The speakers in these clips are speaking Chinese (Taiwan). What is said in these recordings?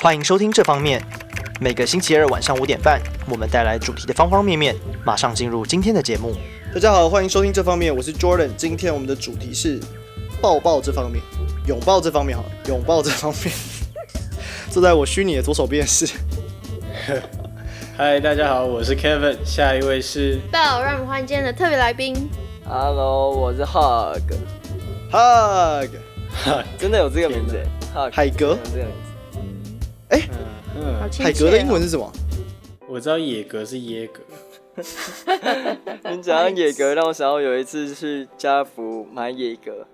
歡迎收聽這方面。每個星期二晚上五點半，我們帶來主題的方方面面。馬上進入今天的節目。大家好，歡迎收聽這方面，我是 Jordan。今天我們的主題是抱抱這方面，擁抱這方面，好了，擁抱這方面呵呵。坐在我虛擬的左手邊是。嗨，Hi, 大家好，我是 Kevin。下一位是。Bell，讓我們歡迎今天的特別來賓。Hello，我是 Hug。 哪 Hug，真的有這個名字。Hug，海哥。哎，海格的英文是什麼？我知道野格是耶格。你 講野格讓我想到有一次去家福買野格，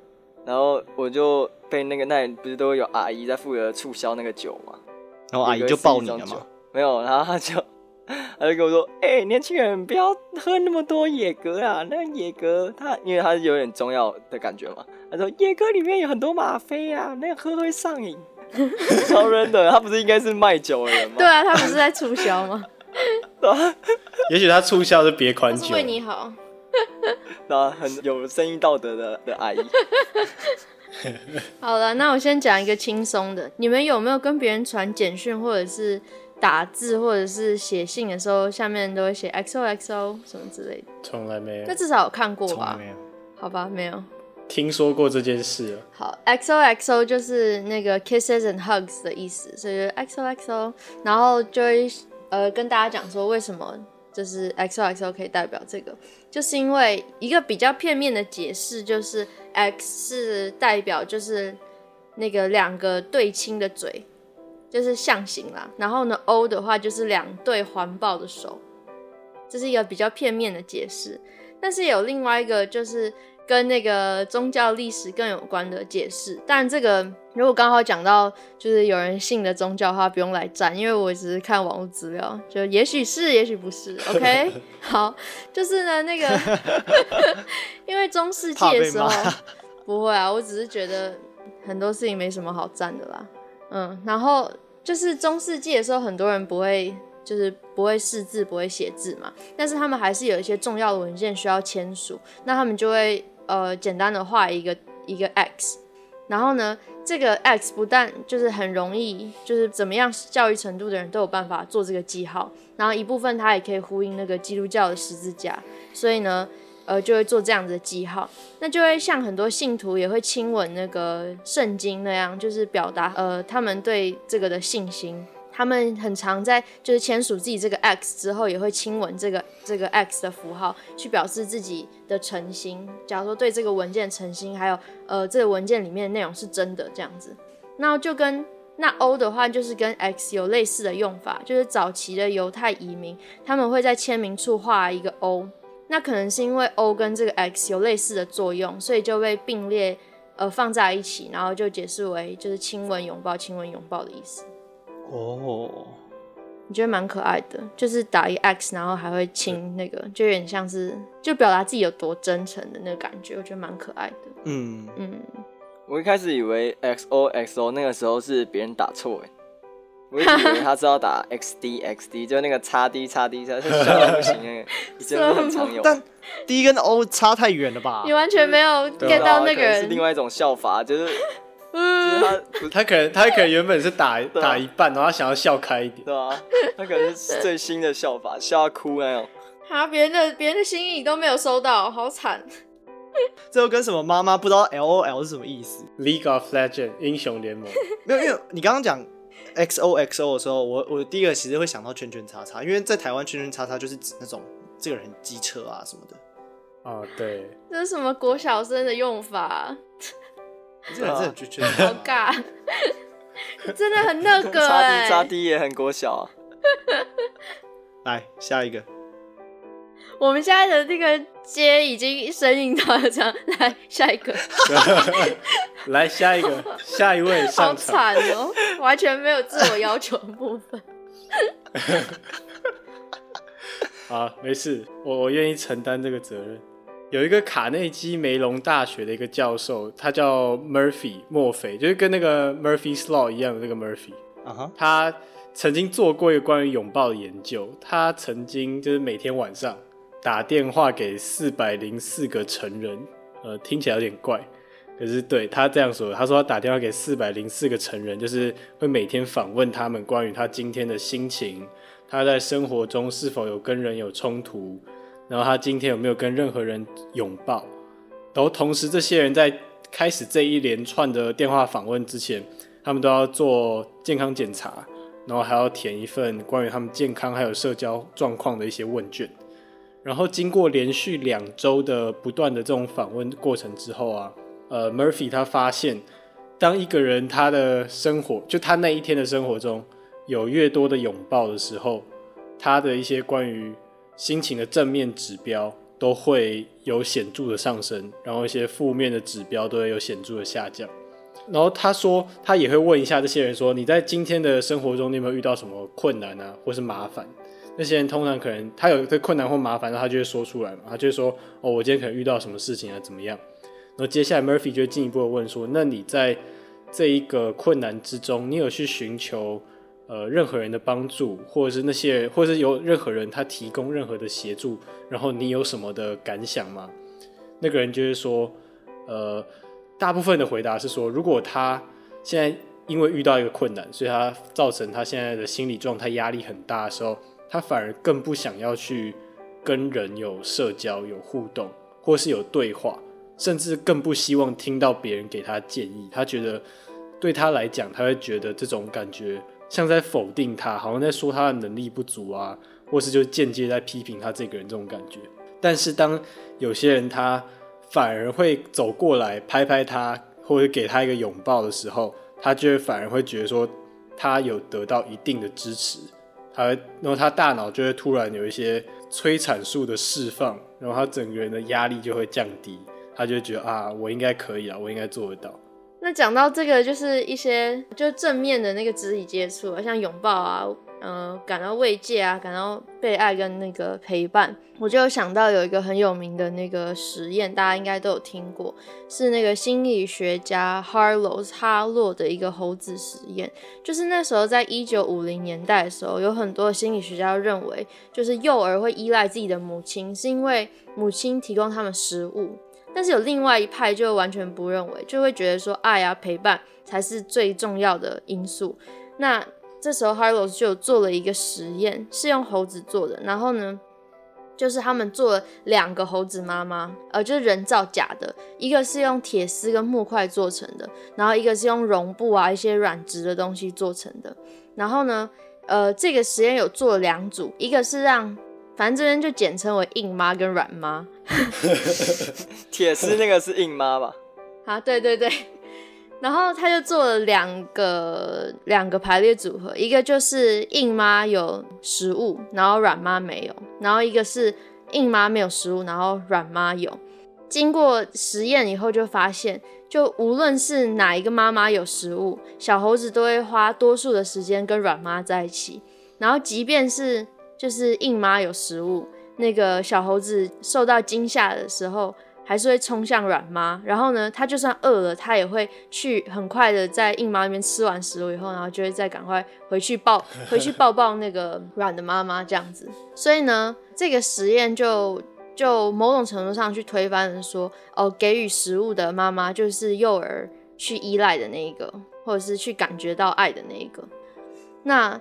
然後我就被那個那裡不是都有阿姨在負責促銷那個酒嘛，然後、哦哦、阿姨就抱你了嗎？沒有，然後他就他就跟我說：“哎、欸，年輕人不要喝那麼多野格啊！那個野格它因為它有點中藥的感覺嘛。”他說：“野格裡面有很多嗎啡啊，那個喝會上癮。” 超人、er、的他不是應該是賣酒的人嗎？對啊，他不是在促銷嗎啊， 也許他促銷是別款酒，為你好， 那很有生意道德的的阿姨 好了，那我先講一個輕鬆的，你們有沒有跟別人傳簡訊或者是打字或者是寫信的時候，下面都會寫 X O X O 什麼之類的？從來沒有。那至少有看過吧？沒有。好吧，沒有。聽說過這件事啊？好，X O X O 就是那個 kisses and hugs 的意思，所以 X O X O，然後就會呃跟大家講說為什麼就是 X O X O 可以代表這個，就是因為一個比較片面的解釋就是 X 是代表就是那個兩個對親的嘴，就是象形啦。然後呢 O 的話就是兩對環抱的手，這就是一個比較片面的解釋。但是有另外一個就是。跟那個宗教歷史更有關的解釋，但這個如果剛好講到就是有人信的宗教的話，不用來戰，因為我只是看網絡資料，就也許是，也許不是。 OK，好，就是呢，那個， 因為中世紀的時候，不會啊，我只是覺得很多事情沒什麼好戰的啦。嗯，然後就是中世紀的時候，很多人不會就是不會識字，不會寫字嘛，但是他們還是有一些重要的文件需要簽署，那他們就會。呃，簡單的畫一個一個 X，然後呢，這個 X 不但就是很容易，就是怎麼樣教育程度的人都有辦法做這個記號，然後一部分他也可以呼應那個基督教的十字架，所以呢，呃，就會做這樣子的記號，那就會像很多信徒也會親吻那個聖經那樣，就是表達呃他們對這個的信心。他們很常在就是簽署自己這個 X 之後，也會親吻這個這個 X 的符號，去表示自己的誠心。假如說對這個文件的誠心，還有呃這個文件裡面的內容是真的這樣子，那就跟那 O 的話，就是跟 X 有類似的用法。就是早期的猶太移民，他們會在簽名處畫一個 O，那可能是因為 O 跟這個 X 有類似的作用，所以就被並列呃放在一起，然後就解釋為就是親吻擁抱、親吻擁抱的意思。哦，我、oh. 覺得蠻可愛的，就是打一 X，然後還會親那個，對就有點像是就表達自己有多真誠的那個感覺，我覺得蠻可愛的。嗯嗯、欸，我一開始以為 XOXO 那個時候是別人打錯，哎，我以為他知道打 XDXD，就是那個叉 D 叉 D，真是笑得不行哎，真的 很常有 但 D 跟 O 差太遠了吧？你完全沒有、就是、對 get 到那個人，是另外一種笑法就是。他可能他可能原本是打打一半，啊、然後他想要笑開一點，對啊，他可能是最新的笑法，笑哭那種。他、啊、別人的別人的心意都沒有收到，好慘。最後跟什麼媽媽不知道 L O L 是什麼意思？League of Legends 英雄聯盟。 沒有，因為你剛剛講 X O X O 的時候，我我第一個其實會想到圈圈叉叉，因為在台灣圈圈叉叉就是指那種這個人機車啊什麼的。啊，對。這是什麼國小生的用法？真的很那個哎、欸，擦地也很國小、啊。 來下一個，我們現在的這個街已經聲音到了這樣，來下一個， 來下一個，下一位上場。好慘哦，完全沒有自我要求的部分。 好，沒事，我我願意承擔這個責任。有一個卡內基梅隆大學的一個教授，他叫 Murphy 墨菲，就是跟那個 Murphy's Law 一樣的，那個 Murphy、uh。啊、huh. 他曾經做過一個關於擁抱的研究。他曾經就是每天晚上打電話給四百零四個成人，呃，聽起來有點怪，可是對，他這樣說，他說他打電話給四百零四個成人，就是會每天訪問他們關於他今天的心情，他在生活中是否有跟人有衝突。然後他今天有沒有跟任何人擁抱？然後同時，這些人在開始這一連串的電話訪問之前，他們都要做健康檢查，然後還要填一份關於他們健康還有社交狀況的一些問卷。然後經過連續兩週的不斷的這種訪問過程之後啊，呃，Murphy 他發現，當一個人他的生活就他那一天的生活中有越多的擁抱的時候，他的一些關於。心情的正面指標都會有顯著的上升，然後一些負面的指標都會有顯著的下降。然後他說，他也會問一下這些人說：“你在今天的生活中，你有沒有遇到什麼困難啊？或是麻煩？”那些人通常可能他有一個困難或麻煩，他就會說出來嘛，他就會說：“哦，我今天可能遇到什麼事情啊，怎麼樣？”然後接下來 Murphy 就進一步的問說：“那你在這一個困難之中，你有去尋求？”呃，任何人的幫助，或者是那些，或者是有任何人他提供任何的協助，然後你有什麼的感想嗎？那個人就是說，呃，大部分的回答是說，如果他現在因為遇到一個困難，所以他造成他現在的心理狀態壓力很大的時候，他反而更不想要去跟人有社交、有互動，或是有對話，甚至更不希望聽到別人給他建議。他覺得對他來講，他會覺得這種感覺。像在否定他，好像在說他的能力不足啊，或是就間接在批評他這個人這種感覺。但是當有些人他反而會走過來拍拍他，或者給他一個擁抱的時候，他就會反而會覺得說他有得到一定的支持，他然後他大腦就會突然有一些催產素的釋放，然後他整個人的壓力就會降低，他就會覺得啊，我應該可以啊，我應該做得到。那講到這個，就是一些就正面的那個肢體接觸啊，像擁抱啊，嗯，呃，感到慰藉啊，感到被愛跟那個陪伴，我就有想到有一個很有名的那個實驗，大家應該都有聽過，是那個心理學家 Harlow 哈洛的一個猴子實驗，就是那時候在一九五零年代的時候，有很多心理學家認為，就是幼兒會依賴自己的母親，是因為母親提供他們食物。但是有另外一派就完全不認為，就會覺得說，愛啊、陪伴才是最重要的因素。那這時候 Harlow 就有做了一個實驗，是用猴子做的。然後呢，就是他們做了兩個猴子媽媽，呃，就是人造假的，一個是用鐵絲跟木塊做成的，然後一個是用絨布啊一些軟質的東西做成的。然後呢，呃，這個實驗有做了兩組，一個是讓反正這邊就簡稱為硬媽跟軟媽。鐵絲那個是硬媽吧？啊，對對對。然後他就做了兩個兩個排列組合，一個就是硬媽有食物，然後軟媽沒有；然後一個是硬媽沒有食物，然後軟媽有。經過實驗以後就發現，就無論是哪一個媽媽有食物，小猴子都會花多數的時間跟軟媽在一起。然後，即便是就是硬媽有食物，那個小猴子，受到驚嚇的時候，還是會衝向軟媽。然後呢，他就算餓了，他也會去很快的在硬媽那邊吃完食物以後，然後就會再趕快回去抱回去抱抱那個軟的媽媽這樣子。 所以呢，這個實驗就就某種程度上去推翻了說，哦，給予食物的媽媽就是幼兒去依賴的那一個，或者是去感覺到愛的那一個。那。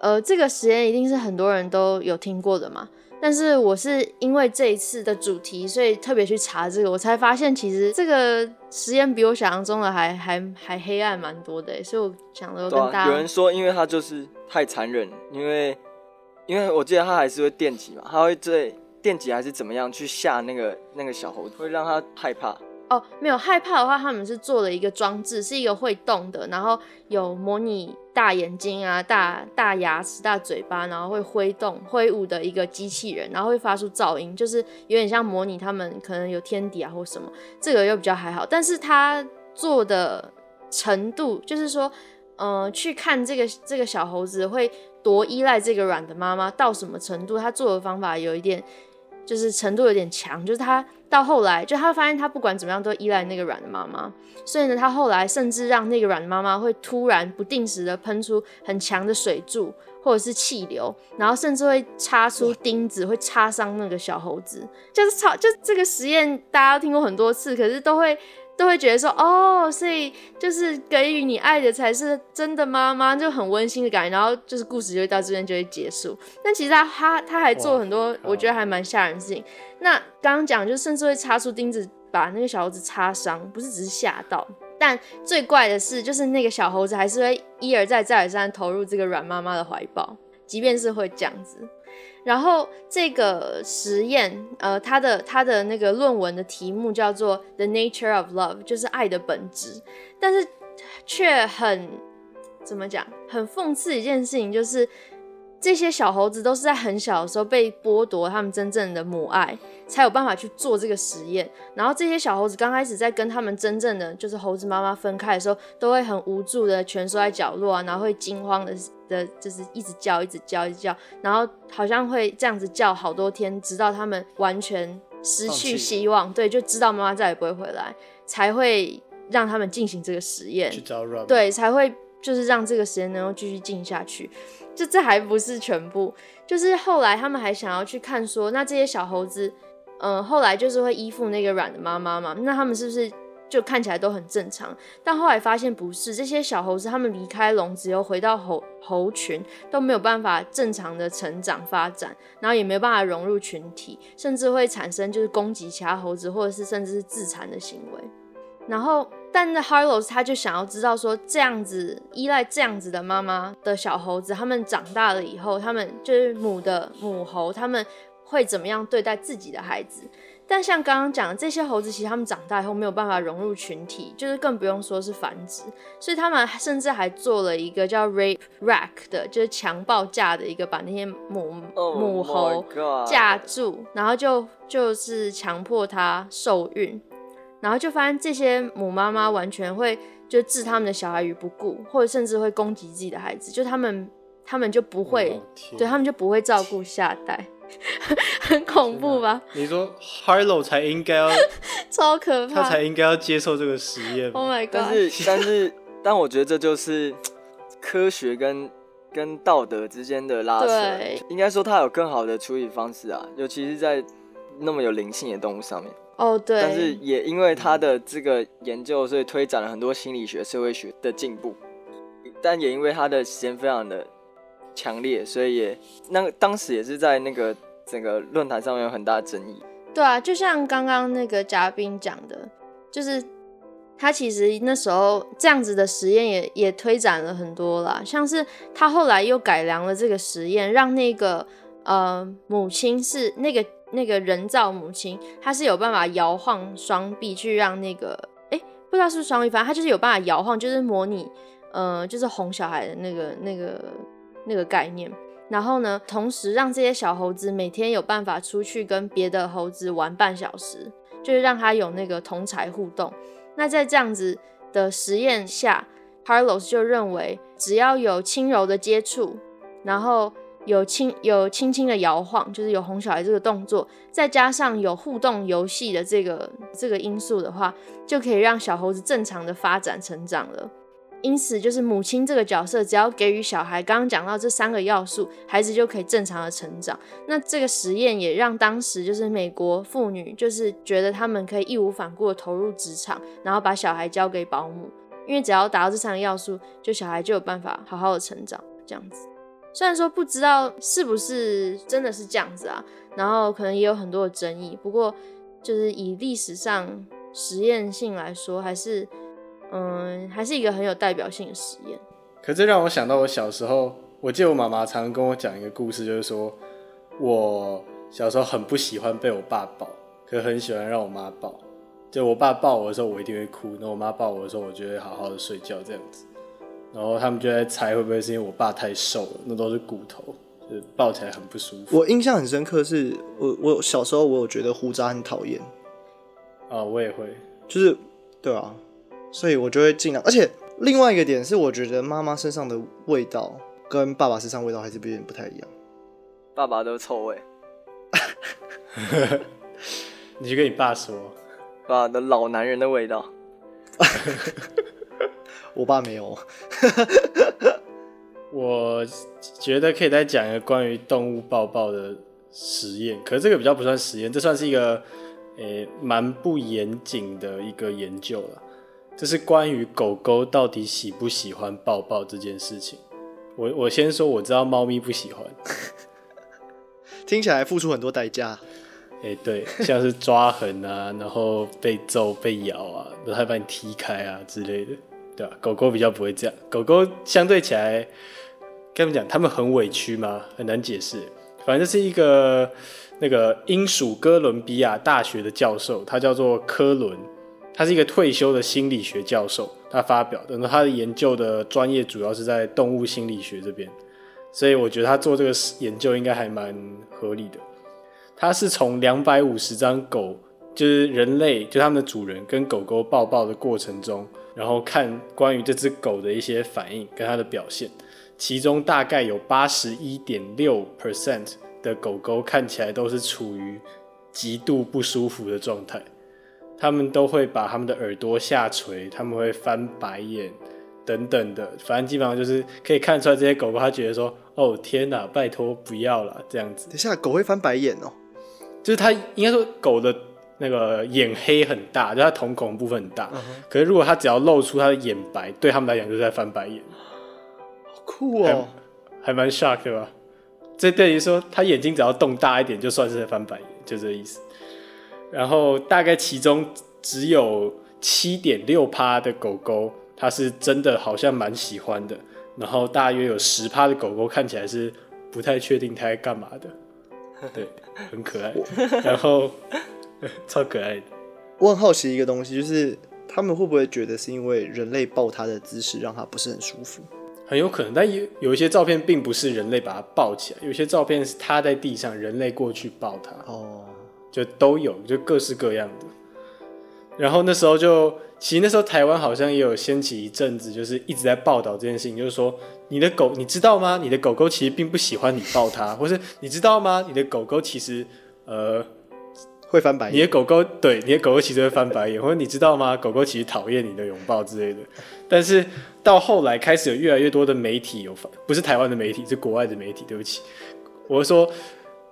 呃，這個實驗一定是很多人都有聽過的嘛，但是我是因為這一次的主題，所以特別去查這個，我才發現其實這個實驗比我想象中的還還還黑暗蠻多的，所以我想有跟大、啊、有人說，因為他就是太殘忍，因為因為我記得他還是會電擊嘛，他會對電擊還是怎麼樣去嚇那個那個小猴子，會讓他害怕。哦，沒有害怕的話，他們是做了一個裝置，是一個會動的，然後有模擬。大眼睛啊，大大牙齒、大嘴巴，然後會揮動、揮舞的一個機器人，然後會發出噪音，就是有點像模擬他們可能有天敵啊或什麼。這個又比較還好，但是他做的程度，就是說，嗯、呃，去看這個這個小猴子會多依賴這個軟的媽媽到什麼程度，他做的方法有一點。就是程度有點強，就是他到後來，就他發現他不管怎麼樣都依賴那個軟的媽媽，所以呢，他後來甚至讓那個軟的媽媽會突然不定時的噴出很強的水柱，或者是氣流，然後甚至會插出釘子，會插傷那個小猴子。就是操，就這個實驗大家都聽過很多次，可是都會。都會覺得說哦，所以就是給予你愛的才是真的媽媽，就很溫馨的感覺。然後就是故事就會到這邊就會結束。但其實他他他還做很多，哇我覺得還蠻嚇人的事情。哇那剛剛講就甚至會插出釘子，把那個小猴子插傷，不是只是嚇到。但最怪的是，就是那個小猴子還是會一而再再而三投入這個軟媽媽的懷抱，即便是會這樣子。然後這個實驗，呃，他的他的那個論文的題目叫做《The Nature of Love》，就是愛的本質。但是卻很怎麼講，很諷刺一件事情，就是這些小猴子都是在很小的時候被剝奪他們真正的母愛，才有辦法去做這個實驗。然後這些小猴子剛開始在跟他們真正的就是猴子媽媽分開的時候，都會很無助的蜷縮在角落啊，然後會驚慌的。的就是一直叫，一直叫，一直叫，然後好像會這樣子叫好多天，直到他們完全失去希望，對，就知道媽媽再也不會回來，才會讓他們進行這個實驗。對，才會就是讓這個實驗能夠繼續進下去。這這還不是全部，就是後來他們還想要去看說，說那這些小猴子，嗯、呃，後來就是會依附那個軟的媽媽嘛？那他們是不是？就看起來都很正常，但後來發現不是，這些小猴子他們離開籠子又回到猴猴群，都沒有辦法正常的成長發展，然後也沒有辦法融入群體，甚至會產生就是攻擊其他猴子，或者是甚至是自殘的行為。然後，但呢，Harlow 他就想要知道說，這樣子依賴這樣子的媽媽的小猴子，他們長大了以後，他們就是母的母猴，他們會怎麼樣對待自己的孩子？但像剛剛講的這些猴子，其實它們長大以後沒有辦法融入群體，就是更不用說是繁殖。所以他們甚至還做了一個叫 rape rack 的，就是強暴架的一個，把那些母母猴架住，然後就就是強迫它受孕。然後就發現這些母媽媽完全會就置他們的小孩於不顧，或者甚至會攻擊自己的孩子，就他們他們就不會，對他們就不會照顧下一代。 很恐怖吧？你說 Harlow 才應該要 超可怕，他才應該要接受這個實驗。Oh my god！但是但是，但,是 但我覺得這就是科學跟跟道德之間的拉扯、啊。對應該說他有更好的處理方式啊，尤其是在那麼有靈性的動物上面。哦，oh, 對。但是也因為他的這個研究，所以推展了很多心理學、社會學的進步。但也因為他的時間非常的。強烈，所以也那當時也是在那個整個論壇上面有很大爭議。對啊，就像剛剛那個嘉賓講的，就是他其實那時候這樣子的實驗也也推展了很多啦。像是他後來又改良了這個實驗，讓那個呃母親是那個那個人造母親，他是有辦法搖晃雙臂去讓那個哎、欸、不知道是不是雙臂，反正他就是有辦法搖晃，就是模擬呃就是哄小孩的那個那個。那個概念，然後呢，同時讓這些小猴子每天有辦法出去跟別的猴子玩半小時，就是讓它有那個同儕互動。那在這樣子的實驗下，Harlow 就認為，只要有輕柔的接觸，然後有輕有輕輕的搖晃，就是有哄小孩這個動作，再加上有互動遊戲的這個這個因素的話，就可以讓小猴子正常的發展成長了。因此，就是母親這個角色，只要給予小孩剛剛講到這三個要素，孩子就可以正常的成長。那這個實驗也讓當時就是美國婦女，就是覺得她們可以義無反顧的投入職場，然後把小孩交給保姆，因為只要達到這三個要素，就小孩就有辦法好好的成長。這樣子，雖然說不知道是不是真的是這樣子啊，然後可能也有很多的爭議。不過，就是以歷史上實驗性來說，還是。嗯，還是一個很有代表性的實驗。可這讓我想到我小時候，我記得我媽媽常跟我講一個故事，就是說我小時候很不喜歡被我爸抱，可是很喜歡讓我媽抱。就我爸抱我的時候，我一定會哭；那我媽抱我的時候，我就會好好的睡覺這樣子。然後他們就在猜，會不會是因為我爸太瘦了，那都是骨頭，就抱起來很不舒服。我印象很深刻是，是我我小時候我有覺得鬍渣很討厭。啊，我也會，就是對啊。所以我就會盡量，而且另外一個點是，我覺得媽媽身上的味道跟爸爸身上的味道還是有點不太一樣。爸爸的臭味。 你去跟你爸說。爸的老男人的味道。 我爸沒有。 我覺得可以再講一個關於動物抱抱的實驗，可是這個比較不算實驗，這算是一個誒蠻不嚴謹的一個研究了。這是關於狗狗到底喜不喜歡抱抱這件事情，我我先說我知道貓咪不喜歡，聽起來付出很多代價，誒，對，像是抓痕啊， 然後被揍被咬啊，然後還把你踢開啊之類的，對吧，啊？狗狗比較不會這樣，狗狗相對起來，跟他們講？他們很委屈嗎？很難解釋。反正是一個那個英屬哥倫比亞大學的教授，他叫做科倫。他是一個退休的心理學教授，他發表，的，他的研究的專業主要是在動物心理學這邊，所以我覺得他做這個研究應該還蠻合理的。他是從兩百五十張狗，就是人類就他們的主人跟狗狗抱抱的過程中，然後看關於這隻狗的一些反應跟它的表現，其中大概有八十一點六 percent 的狗狗看起來都是處於極度不舒服的狀態。他們都會把他們的耳朵下垂，他們會翻白眼，等等的，反正基本上就是可以看出來這些狗狗它覺得說，哦天吶、啊，拜託不要了這樣子。等下，狗會翻白眼哦？就是它應該說狗的那個眼黑很大，就它瞳孔的部分很大，uh huh. 可是如果它只要露出它的眼白，對他們來講就是在翻白眼，好酷哦，還蠻 shock 對吧？這對於說它眼睛只要動大一點，就算是在翻白眼，就這個意思。然後大概其中只有七點六趴的狗狗，它是真的好像蠻喜歡的。然後大約有十趴的狗狗看起來是不太確定它在幹嘛的，對，很可愛，我 然後 超可愛的。我很好奇一個東西，就是他們會不會覺得是因為人類抱它的姿勢讓它不是很舒服？很有可能，但有，有一些照片並不是人類把它抱起來，有些照片是它在地上，人類過去抱它。哦。就都有，就各式各樣的。然後那時候就，其實那時候台灣好像也有掀起一陣子，就是一直在報道這件事情，就是說你的狗，你知道嗎？你的狗狗其實並不喜歡你抱它， 或是你知道嗎？你的狗狗其實呃會翻白眼，你的狗狗對，你的狗狗其實會翻白眼， 或者你知道嗎？狗狗其實討厭你的擁抱之類的。但是到後來開始有越來越多的媒體有發，不是台灣的媒體，是國外的媒體，對不起，我說。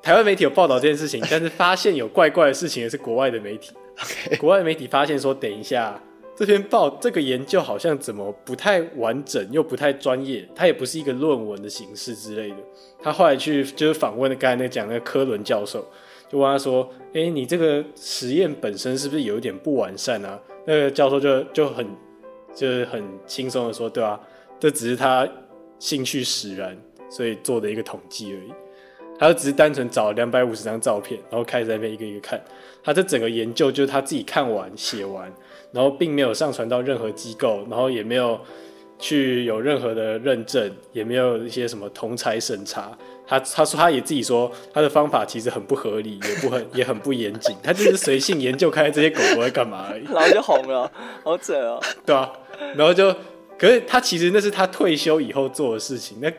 台灣媒體有報道這件事情，但是發現有怪怪的事情，也是國外的媒體。 Okay 國外媒體發現說，等一下，這篇報這個研究好像怎麼不太完整，又不太專業，它也不是一個論文的形式之類的。他後來去就是訪問了，剛才那個講那個科倫教授，就問他說：“哎、欸，你這個實驗本身是不是有一點不完善啊？”那個教授就就很就是很輕鬆的說：“對啊，這只是他興趣使然，所以做的一個統計而已。”他就只是單純找兩百五十張照片，然後開始在那邊一個一個看。他這整個研究就是他自己看完寫完，然後並沒有上傳到任何機構，然後也沒有去有任何的認證，也沒有一些什麼同儕審查。他他說他，他也自己說他的方法其實很不合理， 也不很也很不嚴謹。他就是隨性研究看這些狗狗在幹嘛而已。然後就紅了，好扯啊，哦！對啊，然後就可是他其實那是他退休以後做的事情，那。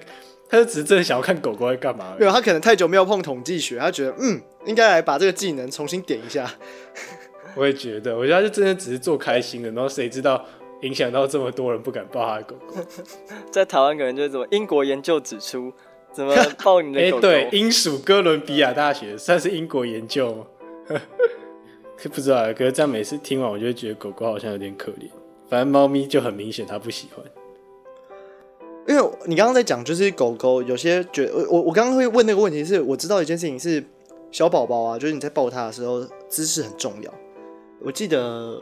他就只是真的想要看狗狗在幹嘛，沒有，他可能太久沒有碰統計學，他覺得嗯，應該來把這個技能重新點一下。我也覺得，我覺得他就真的只是做開心的，然後誰知道影響到這麼多人不敢抱他的狗狗。 在台灣可能就是什麼英國研究指出，怎麼抱你的狗狗？哎、 欸，對，英屬哥倫比亞大學算是英國研究嗎？ 不知道、啊，可是這樣每次聽完，我就會覺得狗狗好像有點可憐。反正貓咪就很明顯，他不喜歡。因為你剛剛在講，就是狗狗有些覺，我我我剛剛會問那個問題，是我知道一件事情是小寶寶啊，就是你在抱他的時候姿勢很重要。我記得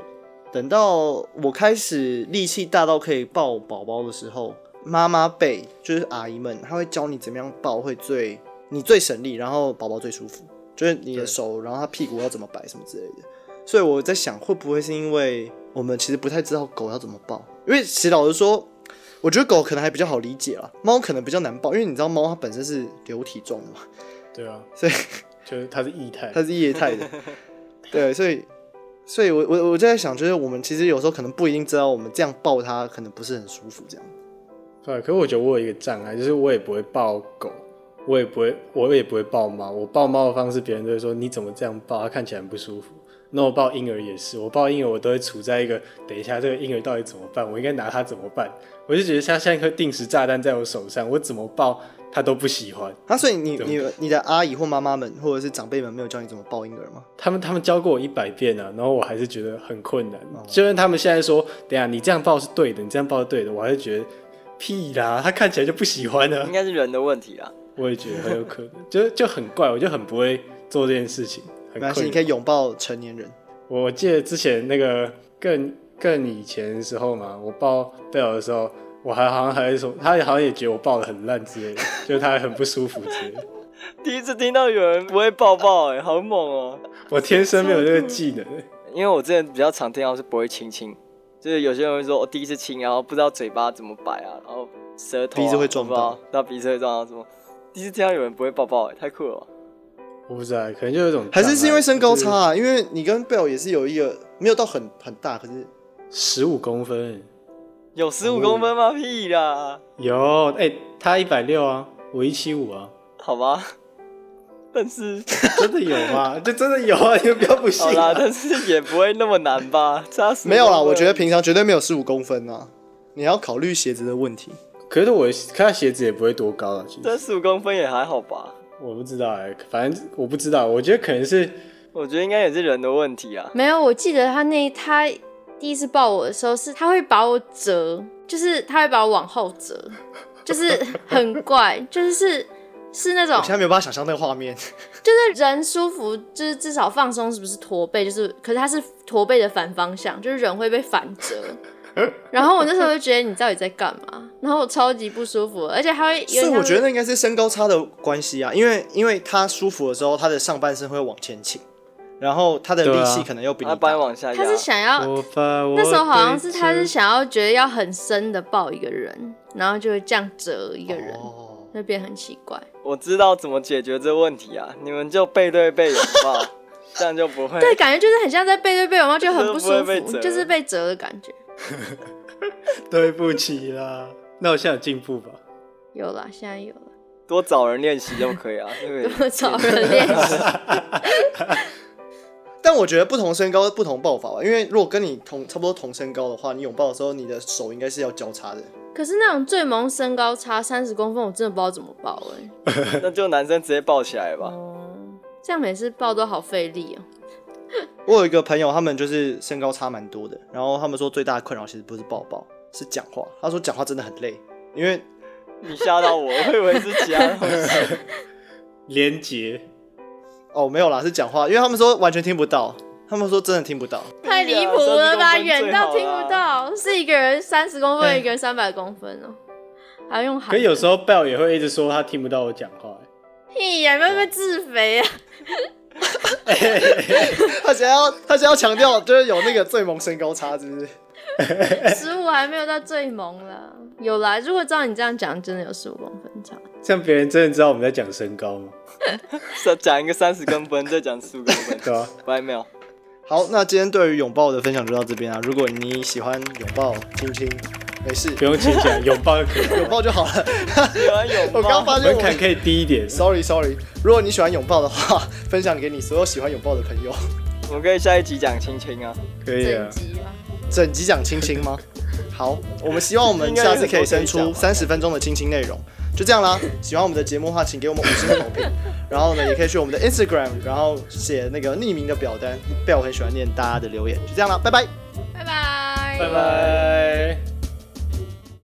等到我開始力氣大到可以抱寶寶的時候，媽媽輩就是阿姨們，她會教你怎麼樣抱會最你最省力，然後寶寶最舒服，就是你的手，然後他屁股要怎麼擺什麼之類的。所以我在想，會不會是因為我們其實不太知道狗要怎麼抱？因為其實老實說，我覺得狗可能還比較好理解啦，貓可能比較難抱，因為你知道貓它本身是流體狀的嘛。對啊，所以就是它是液態，它是液態的，的 對，所以所以我，我我我就在想，就是我們其實有時候可能不一定知道，我們這樣抱它可能不是很舒服，這樣。對，可是我覺得我有一個障礙，就是我也不會抱狗，我也不會，我也不會抱貓，我抱貓的方式，別人都會說，你怎麼這樣抱，它看起來很不舒服。那我、no, 抱嬰兒也是，我抱嬰兒我都會處在一個等一下這個嬰兒到底怎麼辦，我應該拿他怎麼辦？我就覺得像他像一顆定時炸彈在我手上，我怎麼抱他都不喜歡。啊，所以你你麼你的阿姨或媽媽們或者是長輩們沒有教你怎麼抱嬰兒嗎？他們他們教過我一百遍了、啊，然後我還是覺得很困難。哦、就算他們現在說，等下你這樣抱是對的，你這樣抱是對的，我還是覺得屁啦，他看起來就不喜歡了、啊、應該是人的問題啊。我也覺得很有可能， 就就很怪，我就很不會做這件事情。沒關係，你可以擁抱成年人。我記得之前那個更更以前的時候嘛，我抱貝爾的時候，我還好像還是說，他也好像也覺得我抱的很爛之類的， 就是他還很不舒服之類的。 第一次聽到有人不會抱抱，欸，哎，好猛哦，喔！我天生沒有這個技能。 因為我之前比較常聽到是不會親親，就是有些人會說我，哦，第一次親，然後不知道嘴巴怎麼擺啊，然後舌頭，啊，鼻子會撞到，那鼻子會撞到什麼？第一次聽到有人不會抱抱，欸，哎，太酷了吧！我不知道、啊，可能就有一種還是是因為身高差啊，對因為你跟 Belle 也是有一個沒有到很很大，可是十五公分有十五公分嗎？啊、屁啦！有哎、欸，他一百六啊，我一七五啊，好吧，但是 真的有嗎？就真的有啊，你不要不信、啊、啦。但是也不會那麼難吧？差沒有啦，我覺得平常絕對沒有十五公分啊。你要考慮鞋子的問題。可是我看鞋子也不會多高啊，其實。這十五公分也還好吧。我不知道哎，反正我不知道，我覺得可能是，我覺得應該也是人的問題啊。沒有，我記得他那一，他第一次抱我的時候，是他會把我折，就是他會把我往後折，就是很怪，就是是是那種，我現在沒有辦法想象那個畫面，就是人舒服，就是至少放鬆，是不是駝背？就是可是他是駝背的反方向，就是人會被反折。 然後我那時候就覺得你到底在幹嘛？ 然後我超級不舒服，而且還會有是。所以我覺得那應該是身高差的關係啊，因為因為他舒服的時候，他的上半身會往前傾，然後他的力氣可能又比你、啊。他把往下他是想要，我我那時候好像是他是想要覺得要很深的抱一個人，我我然後就會這樣折一個人，會變、哦、很奇怪。我知道怎麼解決這問題啊，你們就背對背擁抱， 這樣就不會。對，感覺就是很像在背對背擁抱，就很不舒服，就是被折的感覺。 對不起啦， 那我現在有進步吧？有啦，現在有了。多找人練習就可以啊， 多找人練習。但我覺得不同身高不同抱法吧，因為如果跟你同差不多同身高的話，你擁抱的時候，你的手應該是要交叉的。可是那種最萌身高差三十公分，我真的不知道怎麼抱哎。那就男生直接抱起來吧，嗯、這樣每次抱都好費力哦、喔。我有一個朋友，他們就是身高差蠻多的，然後他們說最大的困擾其實不是抱抱，是講話。他說講話真的很累，因為你嚇到我，我以為是講 連接結。哦，沒有啦，是講話，因為他們說完全聽不到，他們說真的聽不到，太離譜了吧，遠到聽不到，是一個人三十公分，嗯、一個人三百公分哦、喔，還用喊？可是有時候 Bell 也會一直說他聽不到我講話、欸，屁啊，會不會自肥啊？ 他想要他想要強調就是有那個最萌身高差是不是？只是十五還沒有到最萌了。有啦，如果照你這樣講，真的有十五公分差。像別人真的知道我們在講身高嗎？講 一個三十公分， 再講十五公分。對啊 w h 沒有？好，那今天對於擁抱的分享就到這邊啊。如果你喜歡擁抱，親親。沒事，不用親親了，擁抱就可以，擁抱就好了。 我剛發現門檻可以低一點。Sorry Sorry，如果你喜歡擁抱的話，分享給你所有喜歡擁抱的朋友。我們可以下一集講親親啊。可以啊。整集啊，整集講親親嗎？ 好，我們希望我們下次可以生出三十分鐘的親親內容。就這樣啦，喜歡我們的節目的話，請給我們五星好評。 然後呢，也可以去我們的 Instagram，然後寫那個匿名的表單，因為我很喜歡念大家的留言。就這樣啦，拜拜。拜拜 bye。拜拜。